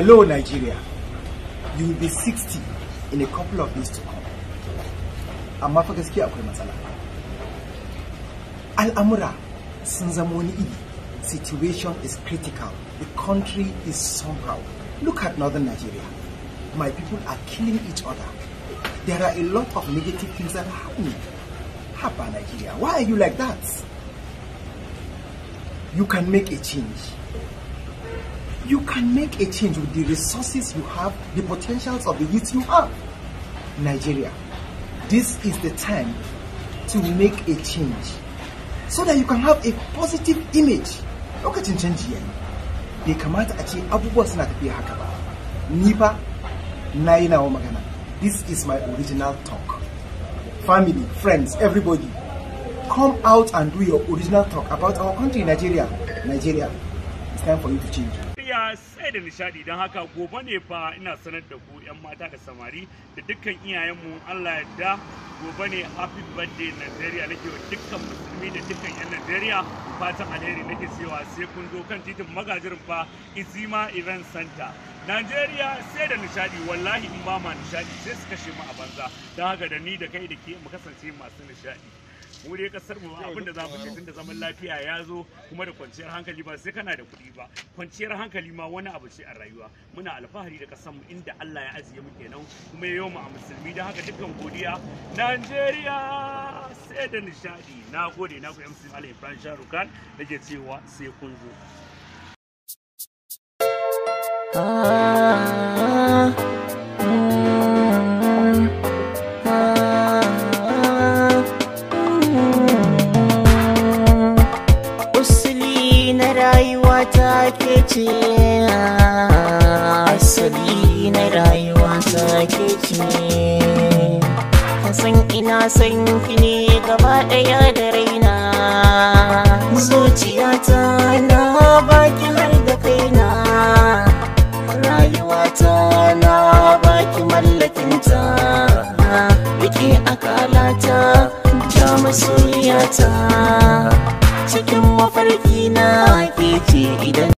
Hello, Nigeria. You will be 60 in a couple of days to come. I'm fa gaskiya akwai matsala. Al'amura Al Amura, since iri. Situation is critical. The country is somehow. Look at northern Nigeria. My people are killing each other. There are a lot of negative things that are happening. Hapa Nigeria, why are you like that? You can make a change you can make a change with the resources you have, the potentials of the youth you have. Nigeria, this is the time to make a change so that you can have a positive image. Look at yayi, bai kamata a ce abubuwa suna tafiya haka na magana. This is my original talk. Family, friends, everybody, come out and do your original talk about our country, Nigeria. Nigeria, it's time for you to change. tafiya sai da nishadi don haka gobe ne fa ina sanar da ku 'yan mata da samari da dukkan iyayenmu Allah yadda gobe ne happy birthday Nigeria nake wa dukkan musulmi da dukkan 'yan Nigeria fatan alheri nake cewa sai kun zo kan titin magajirin fa Izima Event Center Najeriya sai da nishadi wallahi in ba ma nishadi sai su kashe mu a banza don haka da ni da kai da ke mu kasance masu nishadi mu dai kasar mu abin da za mu ce tunda zaman lafiya ya zo kuma da kwanciyar hankali ba sai kana da kuɗi ba kwanciyar hankali ma wani abu ce a rayuwa muna alfahari da kasar mu inda Allah ya ajiye mu kenan kuma yau mu a musulmi don haka dukkan godiya Najeriya sai da nishadi na gode na ku MC Ali Ibrahim Sharukan nake cewa sai kun zo Ah rayuwa ta ke ce asali na rayuwa ta ke ce san ina san ki ne gaba daya da raina zuciyata na baki har da kaina ta na baki mallakinta biki akalata da masoyiyata cikin mafarki na ke ce idan